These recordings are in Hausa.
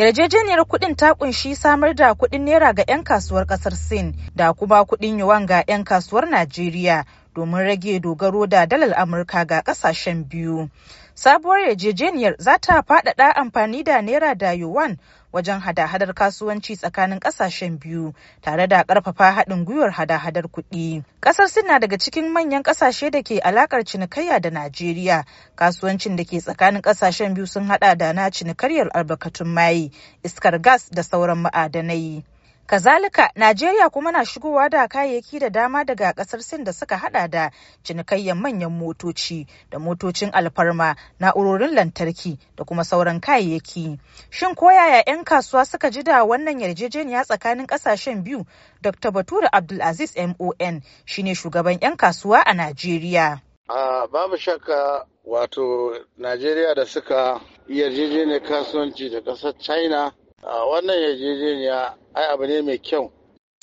Yarjejeniyar kuɗin ta kunshi samar da kuɗin naira ga 'yan kasuwar ƙasar Sin da kuma kuɗin yuwan ga 'yan kasuwar Najeriya domin rage dogaro da dalar Amurka ga ƙasashen biyu. Sabuwar yarjejeniyar za ta faɗaɗa amfani da naira da yawan. wajen hada-hadar kasuwanci tsakanin kasashen biyu tare da karfafa haɗin gwiwar hada-hadar kuɗi. Kasar Sin na daga cikin manyan kasashe da ke alakar cinikayya da Najeriya. Kasuwancin da ke tsakanin kasashen biyu sun hada da na cinikayyar albarkatun mai, iskar gas da sauran ma'adanai. Kazalika, Najeriya kuma na shigowa da kayayyaki da dama daga ƙasar Sin da suka hada da cinikayyar manyan motoci da motocin alfarma, na'urorin lantarki da kuma sauran kayayyaki. Shin ko yaya 'yan kasuwa suka ji da wannan yarjejeniya tsakanin kasashen biyu? Dr. Bature Abdulaziz MON shine shugaban 'yan kasuwa a Najeriya. babu shakka wato Najeriya da suka yarjejeniyar kasuwanci da ƙasar China. wannan yarjejeniya ai abu ne mai kyau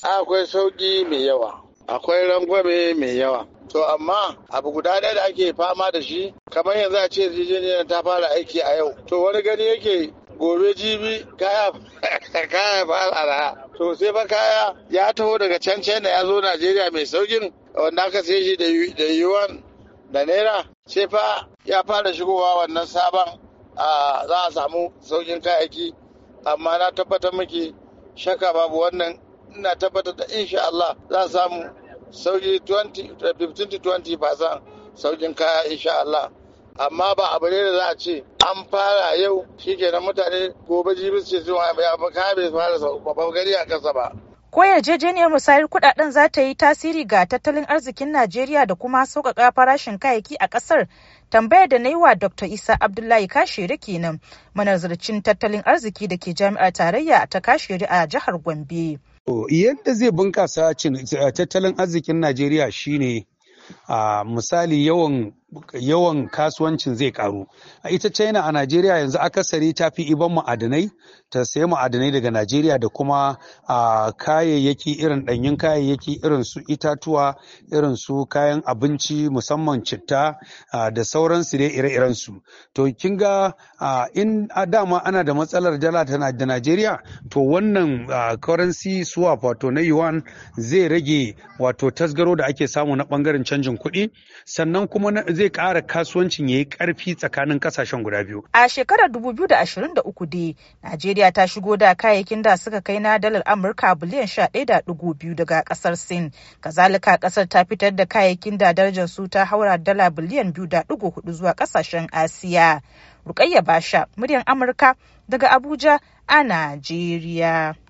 akwai sauƙi mai yawa akwai rangwame mai yawa to amma abu guda ɗaya da ake fama da shi kamar yanzu a ce yarjejeniyar ta fara aiki a yau to wani gani yake gobe jibi kaya kaya fara to sai fa kaya ya taho daga can china ya zo najeriya mai saukin wanda aka sai shi da yuwan da naira sai fa ya fara shigowa wannan sabon za a samu saukin kayaki amma na tabbatar miki shakka babu wannan ina tabbatar da insha Allah za samu sauki 15-20 ba zan saukin kaya insha Allah amma ba abu ne da za a ce an fara yau shi shikenan mutane gobe jibis ce zuwa ya kaya bai fara gari a kasa ba Ko yarjejeniyar musayar kudaden za ta yi tasiri ga tattalin arzikin Najeriya da kuma sauƙaƙa farashin kayayyaki a ƙasar? Tambayar da na yi wa Dr. Isa Abdullahi Kashiri kenan, manazarcin tattalin arziki da ke jami'ar tarayya ta Kashiri a jihar Gombe. Yadda zai bunkasa tattalin arzikin Najeriya shine a misali yawan yawan kasuwancin zai karu a ita china a najeriya yanzu akasari ta fi iban ma'adanai ta sayi ma'adanai daga najeriya da kuma a kayayyaki irin ɗanyen kayayyaki irin su itatuwa irin su kayan abinci musamman citta da sauransu dai ire-iren su to kin ga in a dama ana da matsalar dala da najeriya to wannan currency swap wato na yuan zai rage wato tasgaro da ake samu na bangaren canjin kuɗi sannan kuma zai ƙara kasuwancin ya yi ƙarfi tsakanin ƙasashen guda biyu. A shekarar 2023 dai, Najeriya ta shigo da kayayyakin da suka kai na dalar Amurka biliyan sha da biyu daga ƙasar Sin. Kazalika ƙasar ta fitar da kayayyakin da darajar su ta haura dala biliyan da 2.4 zuwa ƙasashen Asiya. Rukayya Basha, muryar Amurka daga Abuja a Najeriya.